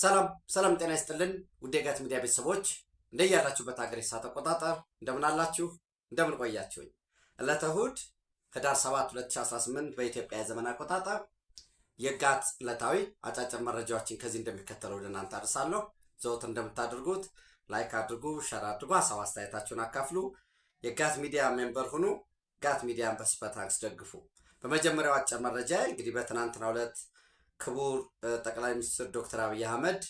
ሰላም ሰላም፣ ጤና ይስጥልን ውድ የጋት ሚዲያ ቤተሰቦች እንደያላችሁበት ሀገር ሰዓት አቆጣጠር እንደምን አላችሁ? እንደምን ቆያችሁኝ? ዕለተ እሁድ ህዳር 7 2018 በኢትዮጵያ የዘመን አቆጣጠር የጋት ዕለታዊ አጫጭር መረጃዎችን ከዚህ እንደሚከተለው ለእናንተ አድርሳለሁ። ዘወትር እንደምታደርጉት ላይክ አድርጉ፣ ሸር አድርጉ፣ ሀሳብ አስተያየታችሁን አካፍሉ፣ የጋት ሚዲያ ሜምበር ሁኑ፣ ጋት ሚዲያን በስፐታንክስ ደግፉ። በመጀመሪያው አጭር መረጃ እንግዲህ በትናንትናው ዕለት ክቡር ጠቅላይ ሚኒስትር ዶክተር አብይ አህመድ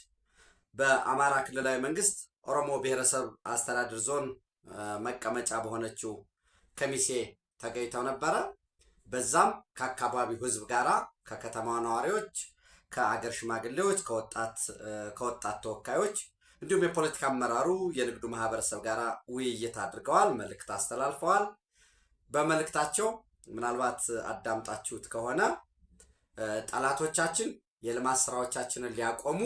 በአማራ ክልላዊ መንግስት ኦሮሞ ብሔረሰብ አስተዳደር ዞን መቀመጫ በሆነችው ከሚሴ ተገኝተው ነበረ። በዛም ከአካባቢው ህዝብ ጋራ ከከተማ ነዋሪዎች፣ ከአገር ሽማግሌዎች፣ ከወጣት ተወካዮች እንዲሁም የፖለቲካ አመራሩ የንግዱ ማህበረሰብ ጋር ውይይት አድርገዋል፣ መልእክት አስተላልፈዋል። በመልእክታቸው ምናልባት አዳምጣችሁት ከሆነ ጠላቶቻችን የልማት ስራዎቻችንን ሊያቆሙ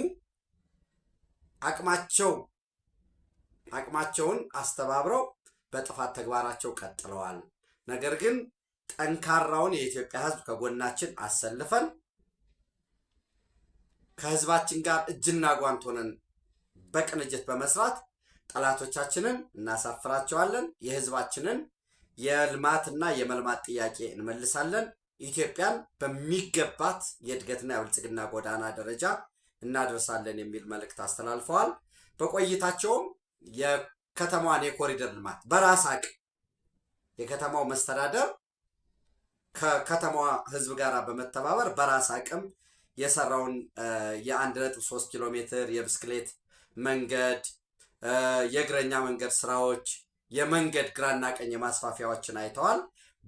አቅማቸው አቅማቸውን አስተባብረው በጥፋት ተግባራቸው ቀጥለዋል። ነገር ግን ጠንካራውን የኢትዮጵያ ሕዝብ ከጎናችን አሰልፈን ከሕዝባችን ጋር እጅና ጓንት ሆነን በቅንጅት በመስራት ጠላቶቻችንን እናሳፍራቸዋለን። የሕዝባችንን የልማትና የመልማት ጥያቄ እንመልሳለን። ኢትዮጵያን በሚገባት የእድገትና የብልጽግና ጎዳና ደረጃ እናደርሳለን የሚል መልእክት አስተላልፈዋል። በቆይታቸውም የከተማዋን የኮሪደር ልማት በራስ አቅም የከተማው መስተዳደር ከከተማዋ ሕዝብ ጋር በመተባበር በራስ አቅም የሰራውን የአንድ ነጥብ ሶስት ኪሎ ሜትር የብስክሌት መንገድ፣ የእግረኛ መንገድ ስራዎች፣ የመንገድ ግራና ቀኝ የማስፋፊያዎችን አይተዋል።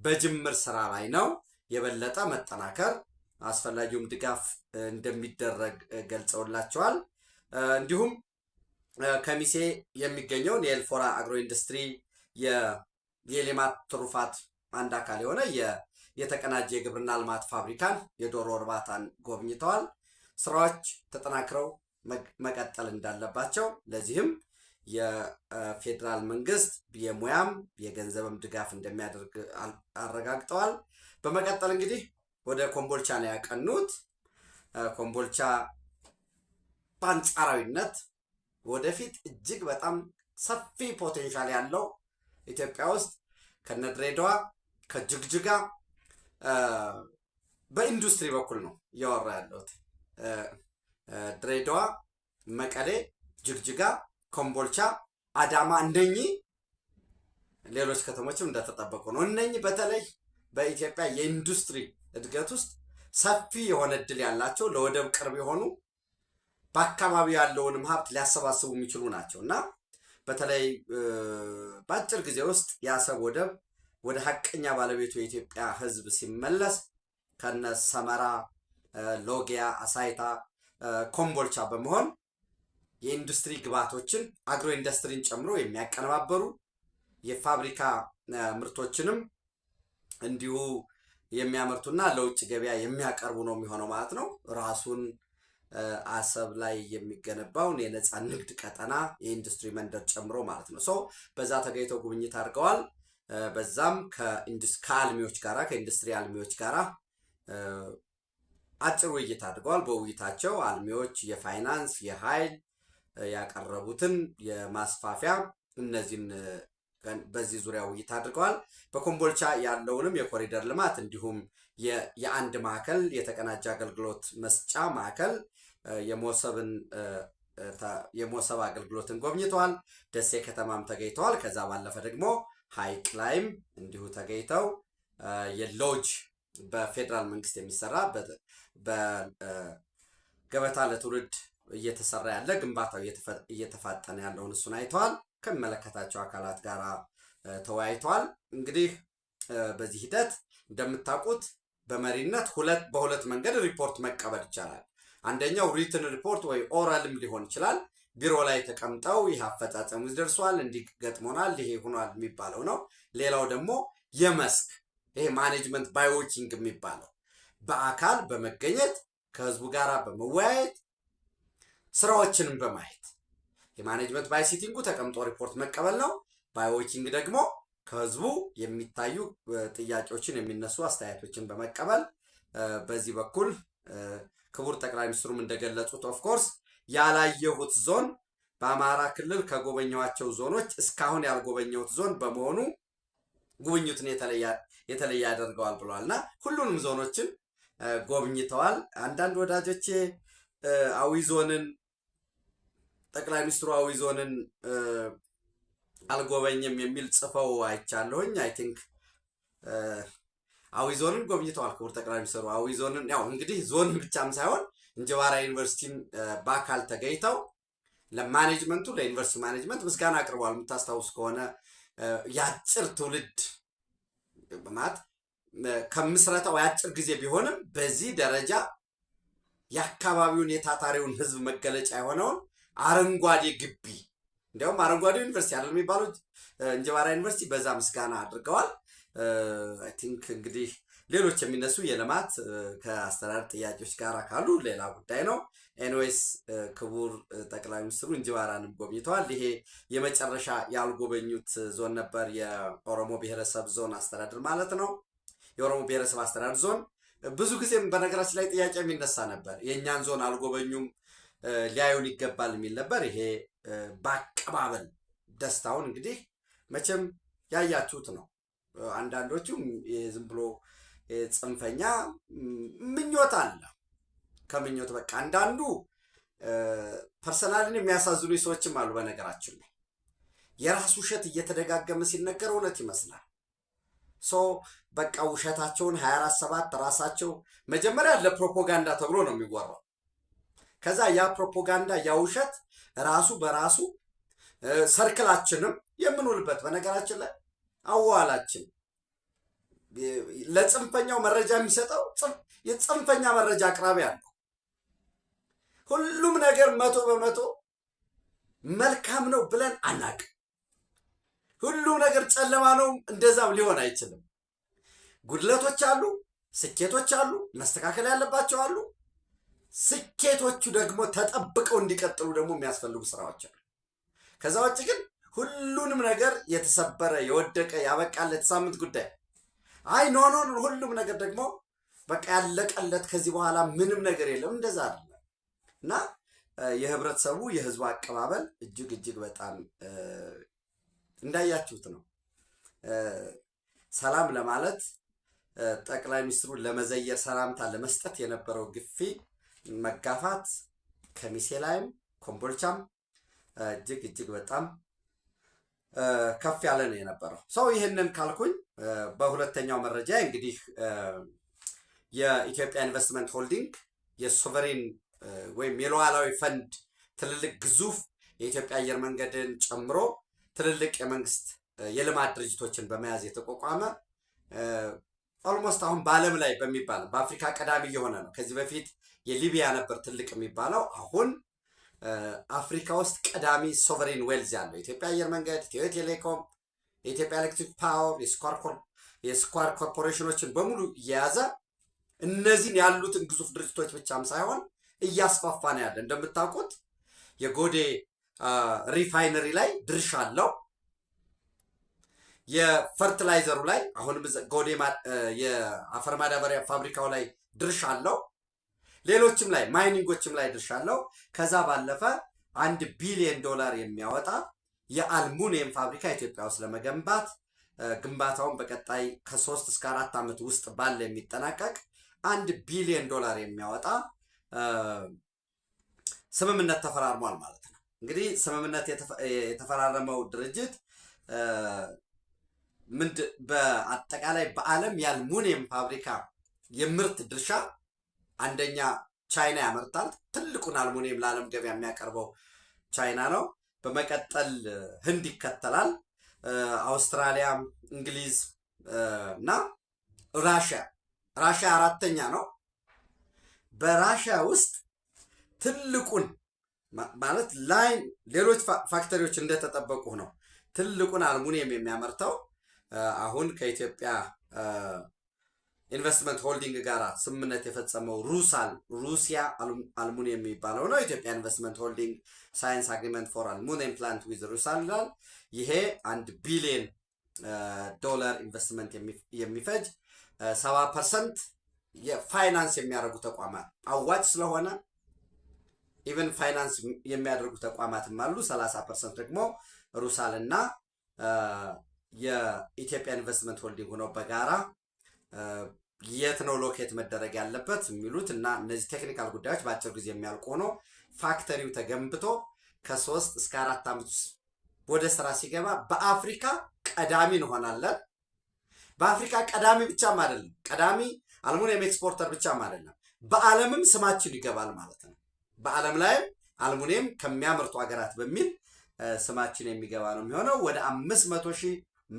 በጅምር ስራ ላይ ነው። የበለጠ መጠናከር አስፈላጊውም ድጋፍ እንደሚደረግ ገልጸውላቸዋል። እንዲሁም ከሚሴ የሚገኘውን የኤልፎራ አግሮ ኢንዱስትሪ የሌማት ትሩፋት አንድ አካል የሆነ የተቀናጀ የግብርና ልማት ፋብሪካን የዶሮ እርባታን ጎብኝተዋል። ስራዎች ተጠናክረው መቀጠል እንዳለባቸው ለዚህም የፌዴራል መንግስት የሙያም የገንዘብም ድጋፍ እንደሚያደርግ አረጋግጠዋል። በመቀጠል እንግዲህ ወደ ኮምቦልቻ ነው ያቀኑት። ኮምቦልቻ በአንጻራዊነት ወደፊት እጅግ በጣም ሰፊ ፖቴንሻል ያለው ኢትዮጵያ ውስጥ ከነድሬዳዋ ከጅግጅጋ በኢንዱስትሪ በኩል ነው እያወራ ያለሁት። ድሬዳዋ፣ መቀሌ፣ ጅግጅጋ ኮምቦልቻ፣ አዳማ እነኚህ ሌሎች ከተሞችም እንደተጠበቁ ነው። እነኚህ በተለይ በኢትዮጵያ የኢንዱስትሪ እድገት ውስጥ ሰፊ የሆነ እድል ያላቸው ለወደብ ቅርብ የሆኑ በአካባቢው ያለውንም ሀብት ሊያሰባስቡ የሚችሉ ናቸው እና በተለይ በአጭር ጊዜ ውስጥ የአሰብ ወደብ ወደ ሀቀኛ ባለቤቱ የኢትዮጵያ ሕዝብ ሲመለስ ከነ ሰመራ፣ ሎጊያ፣ አሳይታ፣ ኮምቦልቻ በመሆን የኢንዱስትሪ ግብዓቶችን አግሮ ኢንዱስትሪን ጨምሮ የሚያቀነባበሩ የፋብሪካ ምርቶችንም እንዲሁ የሚያመርቱና ለውጭ ገበያ የሚያቀርቡ ነው የሚሆነው ማለት ነው። ራሱን አሰብ ላይ የሚገነባውን የነፃ ንግድ ቀጠና የኢንዱስትሪ መንደር ጨምሮ ማለት ነው። ሰው በዛ ተገኝተው ጉብኝት አድርገዋል። በዛም ከአልሚዎች ጋር ከኢንዱስትሪ አልሚዎች ጋራ አጭር ውይይት አድርገዋል። በውይይታቸው አልሚዎች የፋይናንስ፣ የኃይል፣ ያቀረቡትን የማስፋፊያ እነዚህን በዚህ ዙሪያ ውይይት አድርገዋል። በኮምቦልቻ ያለውንም የኮሪደር ልማት እንዲሁም የአንድ ማዕከል የተቀናጀ አገልግሎት መስጫ ማዕከል የሞሰብ አገልግሎትን ጎብኝተዋል። ደሴ ከተማም ተገኝተዋል። ከዛ ባለፈ ደግሞ ሀይቅ ላይም እንዲሁ ተገኝተው የሎጅ በፌዴራል መንግስት የሚሰራ በገበታ ለትውልድ እየተሰራ ያለ ግንባታው እየተፋጠነ ያለውን እሱን አይተዋል። ከሚመለከታቸው አካላት ጋር ተወያይተዋል። እንግዲህ በዚህ ሂደት እንደምታውቁት በመሪነት ሁለት በሁለት መንገድ ሪፖርት መቀበል ይቻላል። አንደኛው ሪትን ሪፖርት ወይ ኦራልም ሊሆን ይችላል። ቢሮ ላይ ተቀምጠው ይህ አፈጻጸሙ ደርሷል፣ እንዲህ ገጥሞናል፣ ይሄ ሆኗል የሚባለው ነው። ሌላው ደግሞ የመስክ ይሄ ማኔጅመንት ባይዎኪንግ የሚባለው በአካል በመገኘት ከህዝቡ ጋር በመወያየት ስራዎችንም በማየት የማኔጅመንት ባይ ሲቲንጉ ተቀምጦ ሪፖርት መቀበል ነው። ባይ ዎኪንግ ደግሞ ከህዝቡ የሚታዩ ጥያቄዎችን የሚነሱ አስተያየቶችን በመቀበል በዚህ በኩል ክቡር ጠቅላይ ሚኒስትሩም እንደገለጹት ኦፍኮርስ ያላየሁት ዞን በአማራ ክልል ከጎበኘኋቸው ዞኖች እስካሁን ያልጎበኘሁት ዞን በመሆኑ ጉብኝቱን የተለየ ያደርገዋል ብለዋል እና ሁሉንም ዞኖችን ጎብኝተዋል። አንዳንድ ወዳጆቼ አዊ ዞንን ጠቅላይ ሚኒስትሩ አዊ ዞንን አልጎበኝም የሚል ጽፈው አይቻለሁኝ። አይ ቲንክ አዊ ዞንን ጎብኝተዋል ክቡር ጠቅላይ ሚኒስትሩ። አዊ ዞንን ያው እንግዲህ ዞን ብቻም ሳይሆን እንጅባራ ዩኒቨርሲቲን በአካል ተገኝተው ለማኔጅመንቱ ለዩኒቨርሲቲ ማኔጅመንት ምስጋና አቅርበዋል። የምታስታውስ ከሆነ የአጭር ትውልድ ማለት ከምስረታው የአጭር ጊዜ ቢሆንም በዚህ ደረጃ የአካባቢውን የታታሪውን ሕዝብ መገለጫ የሆነውን አረንጓዴ ግቢ እንዲያውም አረንጓዴ ዩኒቨርሲቲ አይደል የሚባለው እንጀባራ ዩኒቨርሲቲ በዛ ምስጋና አድርገዋል። አይ ቲንክ እንግዲህ ሌሎች የሚነሱ የልማት ከአስተዳደር ጥያቄዎች ጋር ካሉ ሌላ ጉዳይ ነው። ኤንዌስ ክቡር ጠቅላይ ሚኒስትሩ እንጅባራንም ጎብኝተዋል። ይሄ የመጨረሻ ያልጎበኙት ዞን ነበር፣ የኦሮሞ ብሔረሰብ ዞን አስተዳደር ማለት ነው። የኦሮሞ ብሔረሰብ አስተዳደር ዞን ብዙ ጊዜም በነገራችን ላይ ጥያቄ የሚነሳ ነበር። የእኛን ዞን አልጎበኙም ሊያዩን ይገባል የሚል ነበር። ይሄ በአቀባበል ደስታውን እንግዲህ መቼም ያያችሁት ነው። አንዳንዶቹ ዝም ብሎ ጽንፈኛ ምኞት አለ ከምኞት በቃ አንዳንዱ ፐርሰናልን የሚያሳዝኑ ሰዎችም አሉ። በነገራችን ላይ የራሱ ውሸት እየተደጋገመ ሲነገር እውነት ይመስላል። ሶ በቃ ውሸታቸውን 24 ሰባት ራሳቸው መጀመሪያ ለፕሮፓጋንዳ ተብሎ ነው የሚወራው ከዛ ያ ፕሮፓጋንዳ ያ ውሸት ራሱ በራሱ ሰርክላችንም የምንውልበት በነገራችን ላይ አዋላችን ለጽንፈኛው መረጃ የሚሰጠው የጽንፈኛ መረጃ አቅራቢ አለው። ሁሉም ነገር መቶ በመቶ መልካም ነው ብለን አናቅም። ሁሉም ነገር ጨለማ ነው፣ እንደዛም ሊሆን አይችልም። ጉድለቶች አሉ፣ ስኬቶች አሉ፣ መስተካከል ያለባቸው አሉ። ስኬቶቹ ደግሞ ተጠብቀው እንዲቀጥሉ ደግሞ የሚያስፈልጉ ስራዎች አሉ። ከዛ ውጭ ግን ሁሉንም ነገር የተሰበረ የወደቀ ያበቃለት ሳምንት ጉዳይ አይ ኖ ኖ ሁሉም ነገር ደግሞ በቃ ያለቀለት ከዚህ በኋላ ምንም ነገር የለም እንደዛ አይደለም እና የህብረተሰቡ የህዝቡ አቀባበል እጅግ እጅግ በጣም እንዳያችሁት ነው። ሰላም ለማለት ጠቅላይ ሚኒስትሩ ለመዘየር ሰላምታ ለመስጠት የነበረው ግፊ መጋፋት ከሚሴ ላይም ኮምቦልቻም እጅግ እጅግ በጣም ከፍ ያለ ነው የነበረው። ሰው ይህንን ካልኩኝ በሁለተኛው መረጃ እንግዲህ የኢትዮጵያ ኢንቨስትመንት ሆልዲንግ የሶቨሬን ወይም የሉዓላዊ ፈንድ ትልልቅ ግዙፍ የኢትዮጵያ አየር መንገድን ጨምሮ ትልልቅ የመንግስት የልማት ድርጅቶችን በመያዝ የተቋቋመ ኦልሞስት አሁን በዓለም ላይ በሚባል በአፍሪካ ቀዳሚ እየሆነ ነው። ከዚህ በፊት የሊቢያ ነበር ትልቅ የሚባለው አሁን አፍሪካ ውስጥ ቀዳሚ ሶቨሬን ዌልዝ ያለው የኢትዮጵያ አየር መንገድ፣ ኢትዮ ቴሌኮም፣ የኢትዮጵያ ኤሌክትሪክ ፓወር፣ የስኳር ኮርፖሬሽኖችን በሙሉ እየያዘ እነዚህን ያሉትን ግዙፍ ድርጅቶች ብቻም ሳይሆን እያስፋፋ ነው ያለ። እንደምታውቁት የጎዴ ሪፋይነሪ ላይ ድርሻ አለው። የፈርትላይዘሩ ላይ አሁንም ጎዴ የአፈር ማዳበሪያ ፋብሪካው ላይ ድርሻ አለው። ሌሎችም ላይ ማይኒንጎችም ላይ ድርሻ አለው። ከዛ ባለፈ አንድ ቢሊዮን ዶላር የሚያወጣ የአልሙኒየም ፋብሪካ ኢትዮጵያ ውስጥ ለመገንባት ግንባታውን በቀጣይ ከሶስት እስከ አራት ዓመት ውስጥ ባለ የሚጠናቀቅ አንድ ቢሊዮን ዶላር የሚያወጣ ስምምነት ተፈራርሟል ማለት ነው። እንግዲህ ስምምነት የተፈራረመው ድርጅት ምንድ በአጠቃላይ በዓለም የአልሙኒየም ፋብሪካ የምርት ድርሻ አንደኛ ቻይና ያመርታል። ትልቁን አልሙኒየም ለዓለም ገበያ የሚያቀርበው ቻይና ነው። በመቀጠል ህንድ ይከተላል። አውስትራሊያ፣ እንግሊዝ እና ራሽያ ራሽያ አራተኛ ነው። በራሽያ ውስጥ ትልቁን ማለት ላይን ሌሎች ፋክተሪዎች እንደተጠበቁ ነው። ትልቁን አልሙኒየም የሚያመርተው አሁን ከኢትዮጵያ ኢንቨስትመንት ሆልዲንግ ጋር ስምምነት የፈጸመው ሩሳል ሩሲያ አልሙኒየም የሚባለው ነው። ኢትዮጵያ ኢንቨስትመንት ሆልዲንግ ሳይንስ አግሪመንት ፎር አልሙኒየም ፕላንት ዊዝ ሩሳል ይላል። ይሄ አንድ ቢሊየን ዶላር ኢንቨስትመንት የሚፈጅ ሰባ ፐርሰንት የፋይናንስ የሚያደርጉ ተቋማት አዋጭ ስለሆነ ኢቨን ፋይናንስ የሚያደርጉ ተቋማትም አሉ። ሰላሳ ፐርሰንት ደግሞ ሩሳል እና የኢትዮጵያ ኢንቨስትመንት ሆልዲንግ ሆነው በጋራ የት ነው ሎኬት መደረግ ያለበት የሚሉት እና እነዚህ ቴክኒካል ጉዳዮች በአጭር ጊዜ የሚያልቁ ሆኖ ፋክተሪው ተገንብቶ ከሶስት እስከ አራት ዓመት ወደ ስራ ሲገባ በአፍሪካ ቀዳሚ እንሆናለን። በአፍሪካ ቀዳሚ ብቻም አይደለም፣ ቀዳሚ አልሙኒየም ኤክስፖርተር ብቻም አይደለም፣ በዓለምም ስማችን ይገባል ማለት ነው። በዓለም ላይም አልሙኒየም ከሚያመርቱ ሀገራት በሚል ስማችን የሚገባ ነው የሚሆነው። ወደ አምስት መቶ ሺህ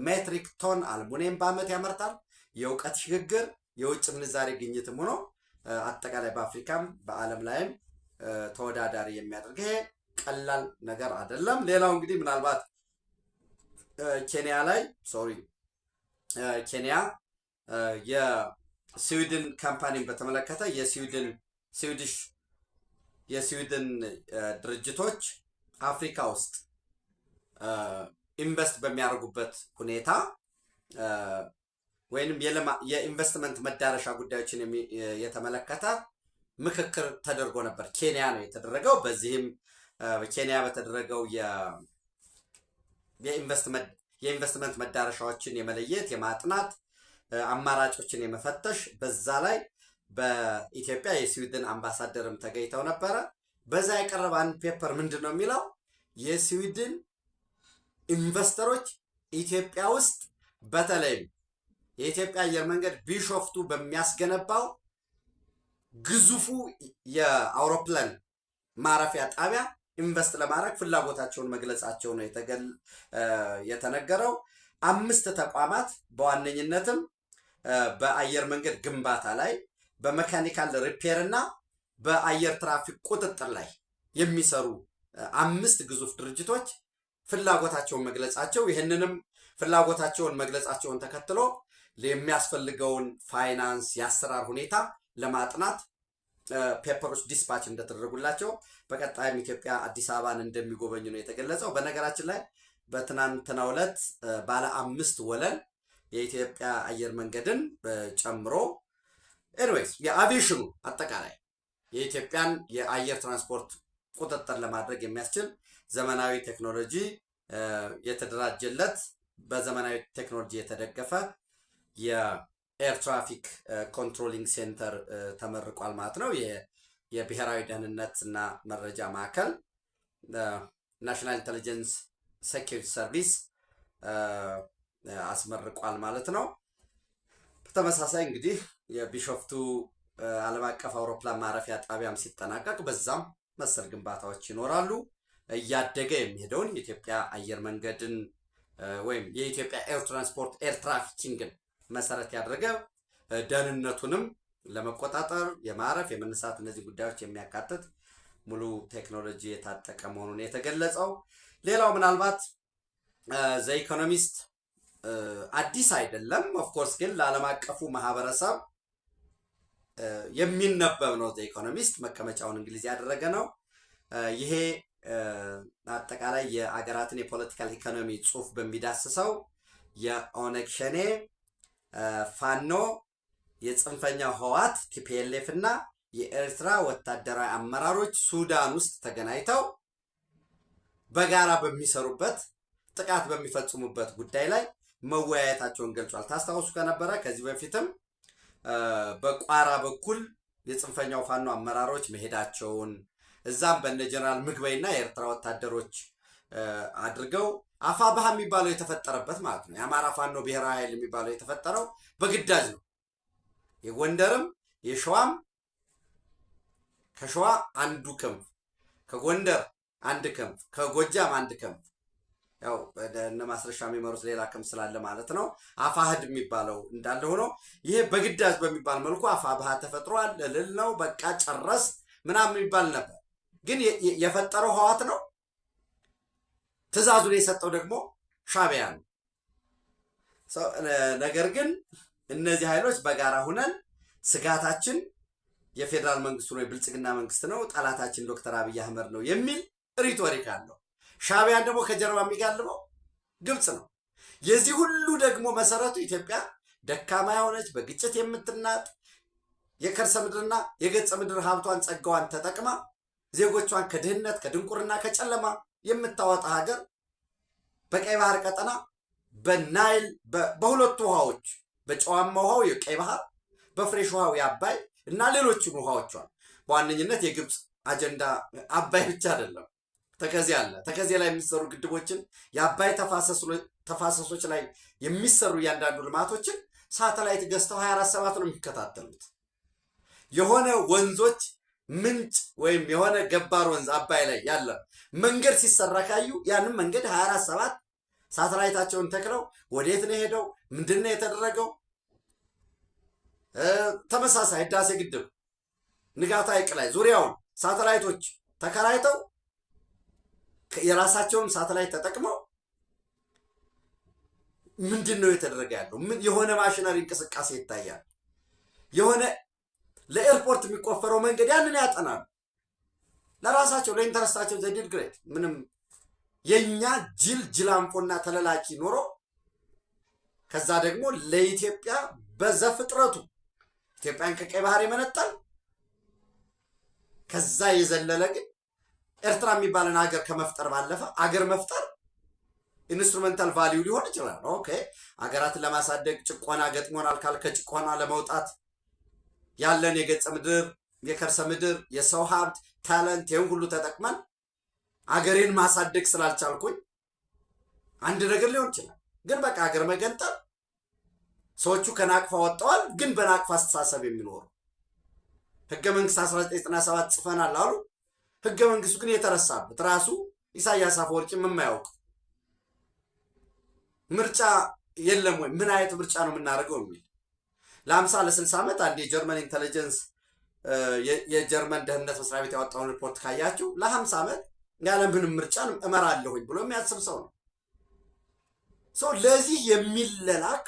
ሜትሪክ ቶን አልሙኒየም በዓመት ያመርታል። የእውቀት ሽግግር የውጭ ምንዛሬ ግኝትም ሆኖ አጠቃላይ በአፍሪካም በዓለም ላይም ተወዳዳሪ የሚያደርግ ይሄ ቀላል ነገር አይደለም። ሌላው እንግዲህ ምናልባት ኬንያ ላይ ሶሪ ኬንያ የስዊድን ካምፓኒን በተመለከተ የስዊድን ስዊድሽ የስዊድን ድርጅቶች አፍሪካ ውስጥ ኢንቨስት በሚያደርጉበት ሁኔታ ወይንም የኢንቨስትመንት መዳረሻ ጉዳዮችን የተመለከተ ምክክር ተደርጎ ነበር። ኬንያ ነው የተደረገው። በዚህም ኬንያ በተደረገው የኢንቨስትመንት መዳረሻዎችን የመለየት የማጥናት አማራጮችን የመፈተሽ በዛ ላይ በኢትዮጵያ የስዊድን አምባሳደርም ተገኝተው ነበረ። በዛ የቀረበ አንድ ፔፐር ምንድን ነው የሚለው የስዊድን ኢንቨስተሮች ኢትዮጵያ ውስጥ በተለይም የኢትዮጵያ አየር መንገድ ቢሾፍቱ በሚያስገነባው ግዙፉ የአውሮፕላን ማረፊያ ጣቢያ ኢንቨስት ለማድረግ ፍላጎታቸውን መግለጻቸው ነው የተነገረው። አምስት ተቋማት በዋነኝነትም በአየር መንገድ ግንባታ ላይ፣ በመካኒካል ሪፔር እና በአየር ትራፊክ ቁጥጥር ላይ የሚሰሩ አምስት ግዙፍ ድርጅቶች ፍላጎታቸውን መግለጻቸው ይህንንም ፍላጎታቸውን መግለጻቸውን ተከትሎ የሚያስፈልገውን ፋይናንስ የአሰራር ሁኔታ ለማጥናት ፔፐሮች ዲስፓች እንደተደረጉላቸው በቀጣይም ኢትዮጵያ አዲስ አበባን እንደሚጎበኙ ነው የተገለጸው። በነገራችን ላይ በትናንትናው ዕለት ባለ አምስት ወለል የኢትዮጵያ አየር መንገድን ጨምሮ ኤንዌይስ የአቪሽኑ አጠቃላይ የኢትዮጵያን የአየር ትራንስፖርት ቁጥጥር ለማድረግ የሚያስችል ዘመናዊ ቴክኖሎጂ የተደራጀለት በዘመናዊ ቴክኖሎጂ የተደገፈ የኤር ትራፊክ ኮንትሮሊንግ ሴንተር ተመርቋል ማለት ነው። የብሔራዊ ደህንነት እና መረጃ ማዕከል ናሽናል ኢንቴሊጀንስ ሴኪሪቲ ሰርቪስ አስመርቋል ማለት ነው። በተመሳሳይ እንግዲህ የቢሾፍቱ ዓለም አቀፍ አውሮፕላን ማረፊያ ጣቢያም ሲጠናቀቅ በዛም መሰል ግንባታዎች ይኖራሉ። እያደገ የሚሄደውን የኢትዮጵያ አየር መንገድን ወይም የኢትዮጵያ ኤር ትራንስፖርት ኤር ትራፊኪንግን መሰረት ያደረገ ደህንነቱንም ለመቆጣጠር የማረፍ የመነሳት እነዚህ ጉዳዮች የሚያካትት ሙሉ ቴክኖሎጂ የታጠቀ መሆኑን የተገለጸው። ሌላው ምናልባት ዘ ኢኮኖሚስት አዲስ አይደለም። ኦፍኮርስ ግን ለዓለም አቀፉ ማህበረሰብ የሚነበብ ነው። ዘ ኢኮኖሚስት መቀመጫውን እንግሊዝ ያደረገ ነው። ይሄ አጠቃላይ የአገራትን የፖለቲካል ኢኮኖሚ ጽሁፍ በሚዳስሰው የኦነግ ሸኔ ፋኖ፣ የጽንፈኛ ህዋት ቲፒኤልኤፍ እና የኤርትራ ወታደራዊ አመራሮች ሱዳን ውስጥ ተገናኝተው በጋራ በሚሰሩበት ጥቃት በሚፈጽሙበት ጉዳይ ላይ መወያየታቸውን ገልጿል። ታስታውሱ ከነበረ ከዚህ በፊትም በቋራ በኩል የጽንፈኛው ፋኖ አመራሮች መሄዳቸውን እዛም በነ ጀነራል ምግበይና የኤርትራ ወታደሮች አድርገው አፋብሃ የሚባለው የተፈጠረበት ማለት ነው። የአማራ ፋኖ ብሔራዊ ኃይል የሚባለው የተፈጠረው በግዳጅ ነው። የጎንደርም የሸዋም ከሸዋ አንዱ ክንፍ ከጎንደር አንድ ክንፍ ከጎጃም አንድ ክንፍ ያው እነ ማስረሻ የሚመሩት ሌላ ክንፍ ስላለ ማለት ነው። አፋህድ የሚባለው እንዳለ ሆኖ ይሄ በግዳጅ በሚባል መልኩ አፋብሃ ተፈጥሯል እልል ነው በቃ ጨረስ ምናምን የሚባል ነበር። ግን የፈጠረው ህዋት ነው ትእዛዙን የሰጠው ደግሞ ሻቢያ ነው። ነገር ግን እነዚህ ኃይሎች በጋራ ሁነን ስጋታችን የፌዴራል መንግስቱ ነው፣ የብልጽግና መንግስት ነው፣ ጠላታችን ዶክተር አብይ አህመድ ነው የሚል ሪቶሪክ አለው። ሻቢያን ደግሞ ከጀርባ የሚጋልበው ግብፅ ነው። የዚህ ሁሉ ደግሞ መሰረቱ ኢትዮጵያ ደካማ የሆነች በግጭት የምትናጥ የከርሰ ምድርና የገጸ ምድር ሀብቷን ጸጋዋን ተጠቅማ ዜጎቿን ከድህነት ከድንቁርና ከጨለማ የምታወጣ ሀገር በቀይ ባህር ቀጠና በናይል በሁለቱ ውሃዎች በጨዋማ ውሃው የቀይ ባህር በፍሬሽ ውሃው የአባይ እና ሌሎችም ውሃዎቿን በዋነኝነት የግብፅ አጀንዳ አባይ ብቻ አይደለም፣ ተከዜ አለ። ተከዜ ላይ የሚሰሩ ግድቦችን የአባይ ተፋሰሶች ላይ የሚሰሩ እያንዳንዱ ልማቶችን ሳተላይት ገዝተው 24 ሰባት ነው የሚከታተሉት የሆነ ወንዞች ምንጭ ወይም የሆነ ገባር ወንዝ አባይ ላይ ያለ መንገድ ሲሰራ ካዩ ያንም መንገድ 24 ሰባት ሳተላይታቸውን ተክለው ወዴት ነው ሄደው ምንድን ነው የተደረገው? ተመሳሳይ ህዳሴ ግድብ ንጋት ሐይቅ ላይ ዙሪያውን ሳተላይቶች ተከራይተው የራሳቸውን ሳተላይት ተጠቅመው ምንድን ነው የተደረገ ያለው? የሆነ ማሽነሪ እንቅስቃሴ ይታያል። የሆነ ለኤርፖርት የሚቆፈረው መንገድ ያንን ያጠናል። ለራሳቸው ለኢንተረስታቸው ዘዲድ ግሬት ምንም የእኛ ጅል ጅላምፎና ተለላኪ ኖሮ ከዛ ደግሞ ለኢትዮጵያ በዘፍጥረቱ ኢትዮጵያን ከቀይ ባህር ይመነጣል። ከዛ የዘለለ ግን ኤርትራ የሚባለን አገር ከመፍጠር ባለፈ አገር መፍጠር ኢንስትሩሜንታል ቫሊዩ ሊሆን ይችላል። ኦኬ አገራትን ለማሳደግ ጭቆና ገጥሞናል ካል ከጭቆና ለመውጣት ያለን የገጸ ምድር የከርሰ ምድር የሰው ሀብት ታለንት ይህን ሁሉ ተጠቅመን አገሬን ማሳደግ ስላልቻልኩኝ አንድ ነገር ሊሆን ይችላል። ግን በቃ ሀገር መገንጠል ሰዎቹ ከናቅፋ ወጥተዋል። ግን በናቅፋ አስተሳሰብ የሚኖሩ ህገ መንግስት 1997 ጽፈናል አሉ። ህገ መንግስቱ ግን የተረሳበት ራሱ ኢሳያስ አፈወርቂ የማያውቅ ምርጫ የለም ወይ ምን አይነት ምርጫ ነው የምናደርገው የሚል ለአምሳ ለስልሳ ዓመት አንድ የጀርመን ኢንቴሊጀንስ የጀርመን ደህንነት መስሪያ ቤት ያወጣውን ሪፖርት ካያችሁ ለሀምሳ ዓመት ያለምንም ምርጫን እመራለሁኝ ብሎ የሚያስብ ሰው ነው። ሰው ለዚህ የሚለላክ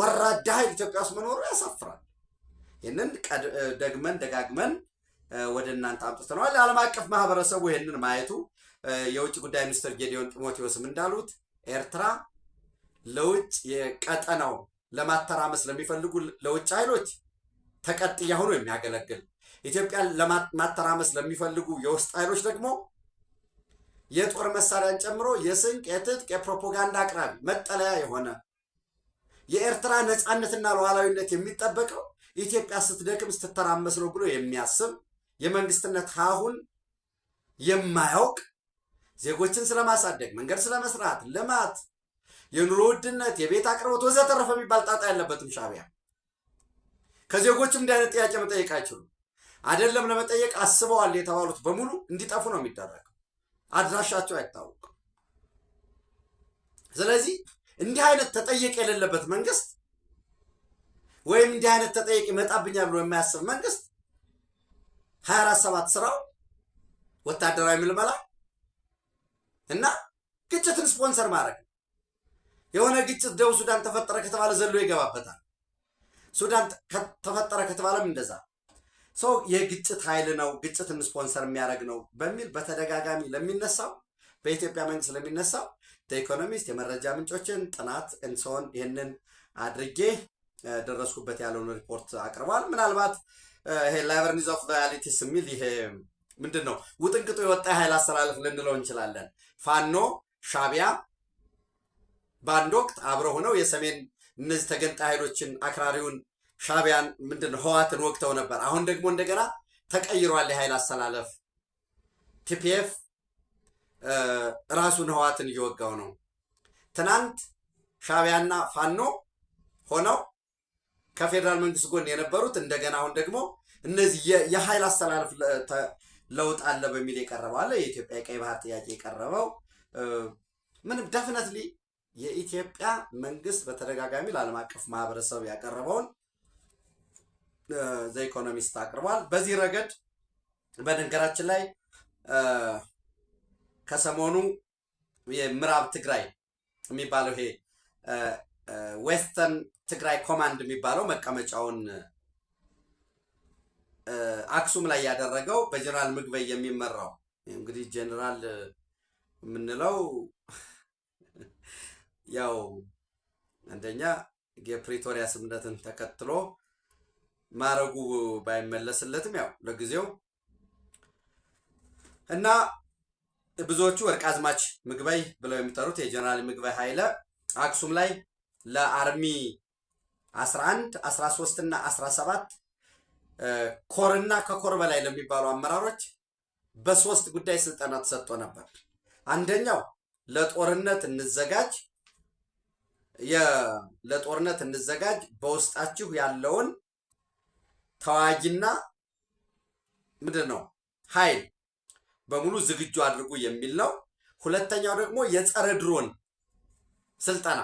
ወራዳ ኃይል ኢትዮጵያ ውስጥ መኖሩ ያሳፍራል። ይህንን ደግመን ደጋግመን ወደ እናንተ አምጥተነዋል። ዓለም አቀፍ ማህበረሰቡ ይህንን ማየቱ የውጭ ጉዳይ ሚኒስትር ጌዲዮን ጢሞቴዎስም እንዳሉት ኤርትራ ለውጭ የቀጠናው ለማተራመስ ለሚፈልጉ ለውጭ ኃይሎች ተቀጥያ ሆኖ የሚያገለግል ኢትዮጵያን ለማተራመስ ለሚፈልጉ የውስጥ ኃይሎች ደግሞ የጦር መሳሪያን ጨምሮ የስንቅ፣ የትጥቅ፣ የፕሮፓጋንዳ አቅራቢ መጠለያ የሆነ የኤርትራ ነፃነትና ሉዓላዊነት የሚጠበቀው ኢትዮጵያ ስትደክም ስትተራመስ ነው ብሎ የሚያስብ የመንግስትነት ሀሁን የማያውቅ ዜጎችን ስለማሳደግ መንገድ ስለመስራት ልማት የኑሮ ውድነት፣ የቤት አቅርቦት ወዘተረፈ የሚባል ጣጣ ያለበትም ሻቢያ ከዜጎቹ እንዲህ አይነት ጥያቄ መጠየቅ አይችሉም። አይደለም ለመጠየቅ አስበዋል የተባሉት በሙሉ እንዲጠፉ ነው የሚደረገው። አድራሻቸው አይታወቅም። ስለዚህ እንዲህ አይነት ተጠየቅ የሌለበት መንግስት ወይም እንዲህ አይነት ተጠየቅ ይመጣብኛል ብሎ የማያስብ መንግስት 24 ሰባት ስራው ወታደራዊ ምልመላ እና ግጭትን ስፖንሰር ማድረግ የሆነ ግጭት ደቡብ ሱዳን ተፈጠረ ከተባለ ዘሎ ይገባበታል። ሱዳን ተፈጠረ ከተባለም እንደዛ ሰው የግጭት ኃይል ነው፣ ግጭትን ስፖንሰር የሚያደርግ ነው በሚል በተደጋጋሚ ለሚነሳው በኢትዮጵያ መንግስት ለሚነሳው ኢኮኖሚስት የመረጃ ምንጮችን ጥናት እንሰሆን ይህንን አድርጌ ደረስኩበት ያለውን ሪፖርት አቅርቧል። ምናልባት ይሄ ላይቨርኒዝ ኦፍ ሪያሊቲስ የሚል ይሄ ምንድን ነው ውጥንቅጡ የወጣ የኃይል አሰላለፍ ልንለው እንችላለን። ፋኖ ሻቢያ በአንድ ወቅት አብረው ሆነው የሰሜን እነዚህ ተገንጣ ኃይሎችን አክራሪውን ሻቢያን ምንድን ህዋትን ወቅተው ነበር። አሁን ደግሞ እንደገና ተቀይሯል የኃይል አሰላለፍ። ቲፒኤፍ ራሱን ህዋትን እየወጋው ነው። ትናንት ሻቢያና ፋኖ ሆነው ከፌዴራል መንግስት ጎን የነበሩት እንደገና አሁን ደግሞ እነዚህ የኃይል አሰላለፍ ለውጥ አለ በሚል የቀረበው አለ የኢትዮጵያ የቀይ ባህር ጥያቄ የቀረበው ምንም ደፍነትሊ የኢትዮጵያ መንግስት በተደጋጋሚ ለዓለም አቀፍ ማህበረሰብ ያቀረበውን ኢኮኖሚስት አቅርቧል። በዚህ ረገድ በነገራችን ላይ ከሰሞኑ የምዕራብ ትግራይ የሚባለው ይሄ ዌስተርን ትግራይ ኮማንድ የሚባለው መቀመጫውን አክሱም ላይ ያደረገው በጀነራል ምግበይ የሚመራው እንግዲህ ጀነራል የምንለው ያው አንደኛ የፕሪቶሪያ ስምምነትን ተከትሎ ማረጉ ባይመለስለትም ያው ለጊዜው እና ብዙዎቹ ወርቅ አዝማች ምግባይ ብለው የሚጠሩት የጀነራል ምግባይ ኃይለ አክሱም ላይ ለአርሚ 11 13 እና 17 ኮርና ከኮር በላይ ለሚባሉ አመራሮች በሶስት ጉዳይ ስልጠና ተሰጥቶ ነበር። አንደኛው ለጦርነት እንዘጋጅ ለጦርነት እንዘጋጅ፣ በውስጣችሁ ያለውን ተዋጊና ምንድን ነው ኃይል በሙሉ ዝግጁ አድርጉ የሚል ነው። ሁለተኛው ደግሞ የጸረ ድሮን ስልጠና፣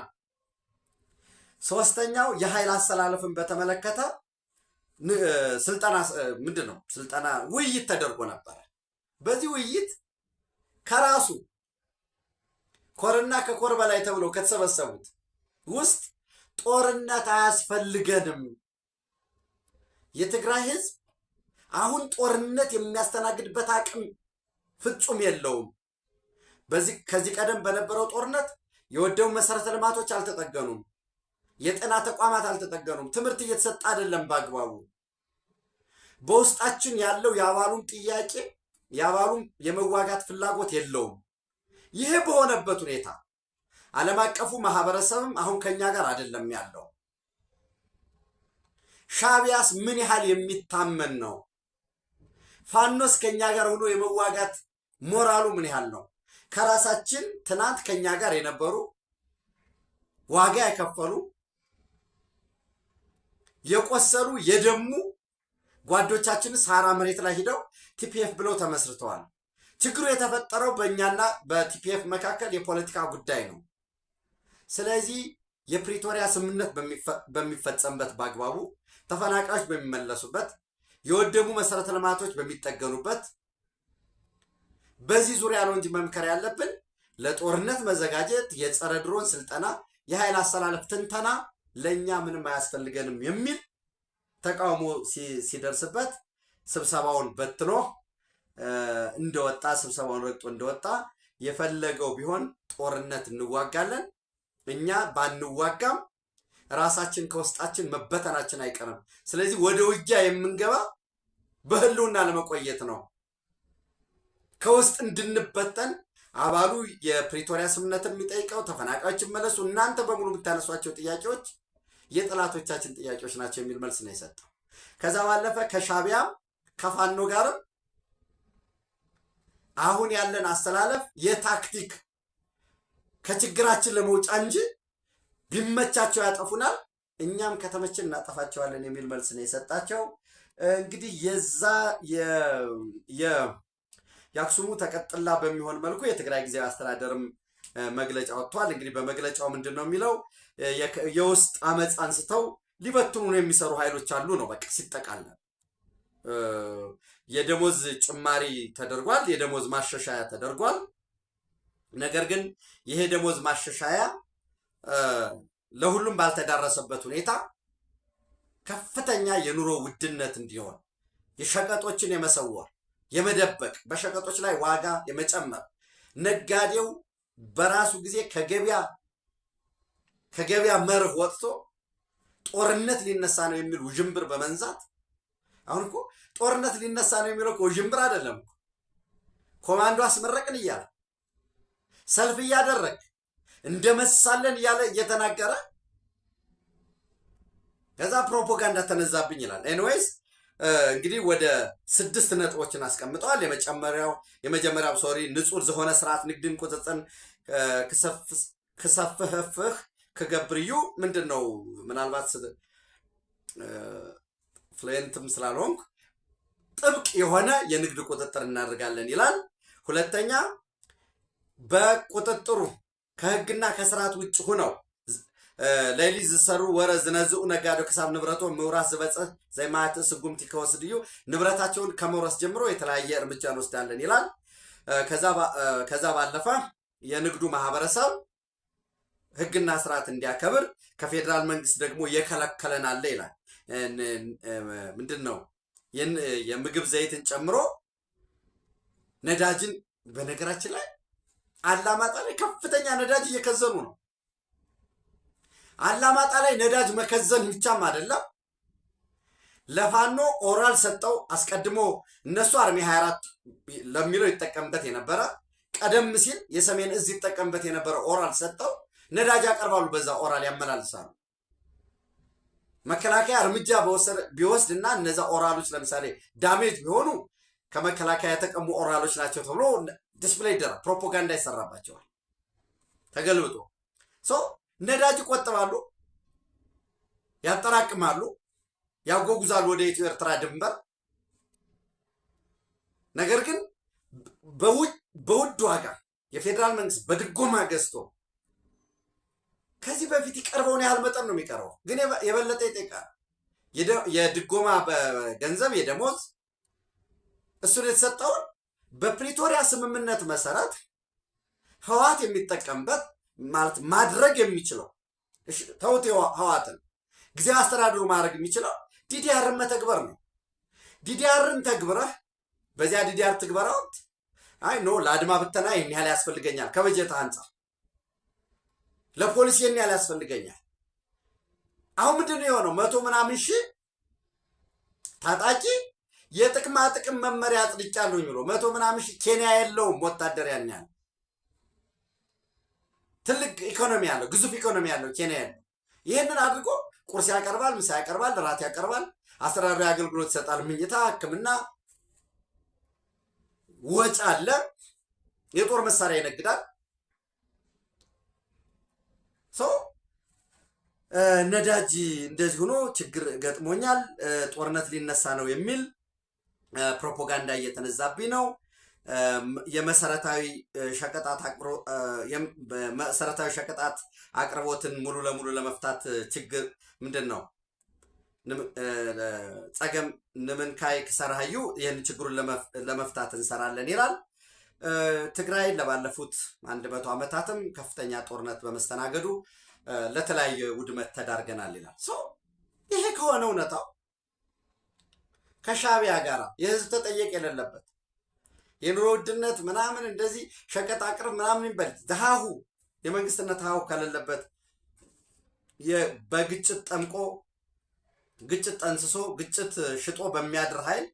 ሶስተኛው የኃይል አሰላለፍን በተመለከተ ስልጠና ምንድን ነው ስልጠና ውይይት ተደርጎ ነበረ። በዚህ ውይይት ከራሱ ኮርና ከኮር በላይ ተብለው ከተሰበሰቡት ውስጥ ጦርነት አያስፈልገንም። የትግራይ ህዝብ አሁን ጦርነት የሚያስተናግድበት አቅም ፍጹም የለውም። በዚህ ከዚህ ቀደም በነበረው ጦርነት የወደሙ መሰረተ ልማቶች አልተጠገኑም። የጤና ተቋማት አልተጠገኑም። ትምህርት እየተሰጠ አይደለም በአግባቡ። በውስጣችን ያለው የአባሉን ጥያቄ የአባሉን የመዋጋት ፍላጎት የለውም። ይሄ በሆነበት ሁኔታ ዓለም አቀፉ ማህበረሰብም አሁን ከኛ ጋር አይደለም ያለው። ሻቢያስ ምን ያህል የሚታመን ነው? ፋኖስ ከኛ ጋር ሆኖ የመዋጋት ሞራሉ ምን ያህል ነው? ከራሳችን ትናንት ከኛ ጋር የነበሩ ዋጋ የከፈሉ የቆሰሉ የደሙ ጓዶቻችን ሳራ መሬት ላይ ሂደው ቲፒኤፍ ብለው ተመስርተዋል። ችግሩ የተፈጠረው በእኛና በቲፒኤፍ መካከል የፖለቲካ ጉዳይ ነው። ስለዚህ የፕሪቶሪያ ስምምነት በሚፈጸምበት በአግባቡ ተፈናቃዮች በሚመለሱበት፣ የወደሙ መሰረተ ልማቶች በሚጠገኑበት በዚህ ዙሪያ ነው እንጂ መምከር ያለብን ለጦርነት መዘጋጀት፣ የጸረ ድሮን ስልጠና፣ የኃይል አሰላለፍ ትንተና ለእኛ ምንም አያስፈልገንም የሚል ተቃውሞ ሲደርስበት ስብሰባውን በትኖ እንደወጣ ስብሰባውን ረግጦ እንደወጣ የፈለገው ቢሆን ጦርነት እንዋጋለን እኛ ባንዋጋም ራሳችን ከውስጣችን መበተናችን አይቀርም። ስለዚህ ወደ ውጊያ የምንገባ በህልውና ለመቆየት ነው። ከውስጥ እንድንበተን አባሉ የፕሪቶሪያ ስምነት የሚጠይቀው ተፈናቃዮች መለሱ፣ እናንተ በሙሉ የምታነሷቸው ጥያቄዎች የጠላቶቻችን ጥያቄዎች ናቸው የሚል መልስ ነው የሰጠው። ከዛ ባለፈ ከሻቢያም ከፋኖ ጋርም አሁን ያለን አስተላለፍ የታክቲክ ከችግራችን ለመውጫ እንጂ ቢመቻቸው ያጠፉናል፣ እኛም ከተመችን እናጠፋቸዋለን የሚል መልስ ነው የሰጣቸው። እንግዲህ የዛ የአክሱሙ ተቀጥላ በሚሆን መልኩ የትግራይ ጊዜያዊ አስተዳደርም መግለጫ ወጥቷል። እንግዲህ በመግለጫው ምንድን ነው የሚለው የውስጥ አመፅ አንስተው ሊበትኑ ነው የሚሰሩ ኃይሎች አሉ ነው በቃ ሲጠቃለል። የደሞዝ ጭማሪ ተደርጓል። የደሞዝ ማሻሻያ ተደርጓል። ነገር ግን ይሄ ደሞዝ ማሻሻያ ለሁሉም ባልተዳረሰበት ሁኔታ ከፍተኛ የኑሮ ውድነት እንዲሆን የሸቀጦችን የመሰወር የመደበቅ በሸቀጦች ላይ ዋጋ የመጨመር ነጋዴው በራሱ ጊዜ ከገበያ ከገበያ መርህ ወጥቶ ጦርነት ሊነሳ ነው የሚል ውዥንብር በመንዛት አሁን እኮ ጦርነት ሊነሳ ነው የሚለው ውዥንብር አይደለም፣ ኮማንዶ አስመረቅን እያለ ሰልፍ እያደረግ እንደመሳለን እያለ እየተናገረ ከዛ ፕሮፓጋንዳ ተነዛብኝ ይላል። ኤኒዌይስ እንግዲህ ወደ ስድስት ነጥቦችን አስቀምጠዋል። የመጨመሪያው የመጀመሪያው ሶሪ ንጹር ዝሆነ ስርዓት ንግድን ቁጥጥን ክሰፍህፍህ ክገብርዩ ምንድን ነው ምናልባት ፍሌንትም ስላልሆንኩ ጥብቅ የሆነ የንግድ ቁጥጥር እናደርጋለን ይላል። ሁለተኛ በቁጥጥሩ ከህግና ከስርዓት ውጭ ሁነው ሌሊት ዝሰሩ ወረ ዝነዝኡ ነጋዶ ክሳብ ንብረቶ ምውራስ ዝበፅህ ዘይማት ስጉምቲ ከወስድ እዩ ንብረታቸውን ከመውረስ ጀምሮ የተለያየ እርምጃ እንወስዳለን ይላል። ከዛ ባለፈ የንግዱ ማህበረሰብ ህግና ስርዓት እንዲያከብር ከፌዴራል መንግስት ደግሞ የከለከለን አለ ይላል። ምንድን ነው? የምግብ ዘይትን ጨምሮ ነዳጅን በነገራችን ላይ አላማጣ ላይ ከፍተኛ ነዳጅ እየከዘኑ ነው። አላማጣ ላይ ነዳጅ መከዘን ብቻም አይደለም፣ ለፋኖ ኦራል ሰጠው። አስቀድሞ እነሱ አርሚ 24 ለሚለው ይጠቀምበት የነበረ ቀደም ሲል የሰሜን እዝ ይጠቀምበት የነበረ ኦራል ሰጠው። ነዳጅ ያቀርባሉ፣ በዛ ኦራል ያመላልሳሉ። መከላከያ እርምጃ ቢወስድ እና እነዛ ኦራሎች ለምሳሌ ዳሜጅ ቢሆኑ ከመከላከያ የተቀሙ ኦራሎች ናቸው ተብሎ ዲስፕሌይ ይደረግ፣ ፕሮፓጋንዳ ይሰራባቸዋል። ተገልብጦ ሰው ነዳጅ ይቆጥባሉ፣ ያጠራቅማሉ፣ ያጓጉዛሉ ወደ ኢትዮ ኤርትራ ድንበር። ነገር ግን በውድ ዋጋ የፌዴራል መንግስት በድጎማ ገዝቶ ከዚህ በፊት ይቀርበውን ያህል መጠን ነው የሚቀርበው፣ ግን የበለጠ ይጠይቃል። የድጎማ በገንዘብ የደሞዝ እሱን የተሰጠውን በፕሪቶሪያ ስምምነት መሰረት ህዋት የሚጠቀምበት ማለት ማድረግ የሚችለው ተውት፣ ህዋትን ጊዜ አስተዳድሩ ማድረግ የሚችለው ዲዲአርን መተግበር ነው። ዲዲአርን ተግብረህ በዚያ ዲዲአር ትግበራ አይ ኖ ለአድማ ብተና ይህን ያህል ያስፈልገኛል፣ ከበጀት አንጻር ለፖሊሲ ይህን ያህል ያስፈልገኛል። አሁን ምንድን ነው የሆነው? መቶ ምናምን ሺህ ታጣቂ የጥቅማ ጥቅም መመሪያ አጽድጫለሁ የሚለው መቶ ምናምን ኬንያ የለውም ወታደር ያን ያህል ትልቅ ኢኮኖሚ ያለው ግዙፍ ኢኮኖሚ ያለው ኬንያ ያለው ይህንን አድርጎ ቁርስ ያቀርባል፣ ምሳ ያቀርባል፣ ራት ያቀርባል፣ አስተዳዳሪ አገልግሎት ይሰጣል፣ ምኝታ፣ ሕክምና ወጪ አለ፣ የጦር መሳሪያ ይነግዳል። ነዳጅ እንደዚህ ሆኖ ችግር ገጥሞኛል፣ ጦርነት ሊነሳ ነው የሚል ፕሮፓጋንዳ እየተነዛብኝ ነው። የመሰረታዊ ሸቀጣት አቅርቦትን ሙሉ ለሙሉ ለመፍታት ችግር ምንድን ነው ጸገም ንምንካይ ክሰራዩ ይህን ችግሩን ለመፍታት እንሰራለን ይላል። ትግራይ ለባለፉት አንድ መቶ ዓመታትም ከፍተኛ ጦርነት በመስተናገዱ ለተለያየ ውድመት ተዳርገናል ይላል። ይሄ ከሆነ እውነታው ከሻቢያ ጋር የህዝብ ተጠየቅ የሌለበት የኑሮ ውድነት ምናምን እንደዚህ ሸቀጥ አቅርብ ምናምን ይበል ድሃሁ የመንግስትነት ድሃሁ ከሌለበት በግጭት ጠምቆ ግጭት ጠንስሶ ግጭት ሽጦ በሚያድር ኃይል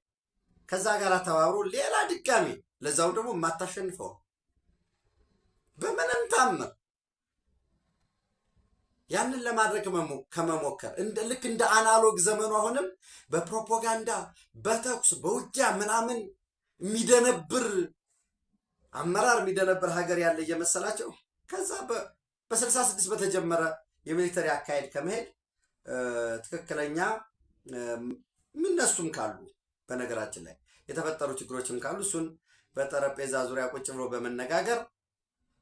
ከዛ ጋር ተባብሮ ሌላ ድጋሚ ለዛው ደግሞ የማታሸንፈው በምንም ታምር ያንን ለማድረግ ከመሞከር ልክ እንደ አናሎግ ዘመኑ አሁንም በፕሮፓጋንዳ በተኩስ በውጊያ ምናምን የሚደነብር አመራር የሚደነብር ሀገር ያለ እየመሰላቸው ከዛ በስልሳ ስድስት በተጀመረ የሚሊተሪ አካሄድ ከመሄድ ትክክለኛ ምነሱም ካሉ በነገራችን ላይ የተፈጠሩ ችግሮችም ካሉ እሱን በጠረጴዛ ዙሪያ ቁጭ ብሎ በመነጋገር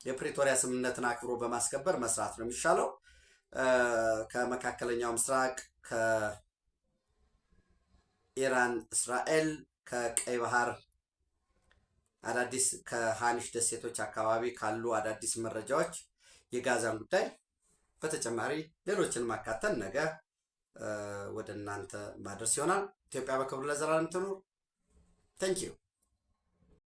የፕሪቶሪያ ስምምነትን አክብሮ በማስከበር መስራት ነው የሚሻለው። ከመካከለኛው ምስራቅ ከኢራን እስራኤል ከቀይ ባህር አዳዲስ ከሃኒሽ ደሴቶች አካባቢ ካሉ አዳዲስ መረጃዎች የጋዛን ጉዳይ በተጨማሪ ሌሎችን ማካተል ነገ ወደ እናንተ ማድረስ ይሆናል። ኢትዮጵያ በክብር ለዘላለም ትኑር። ተንኪዩ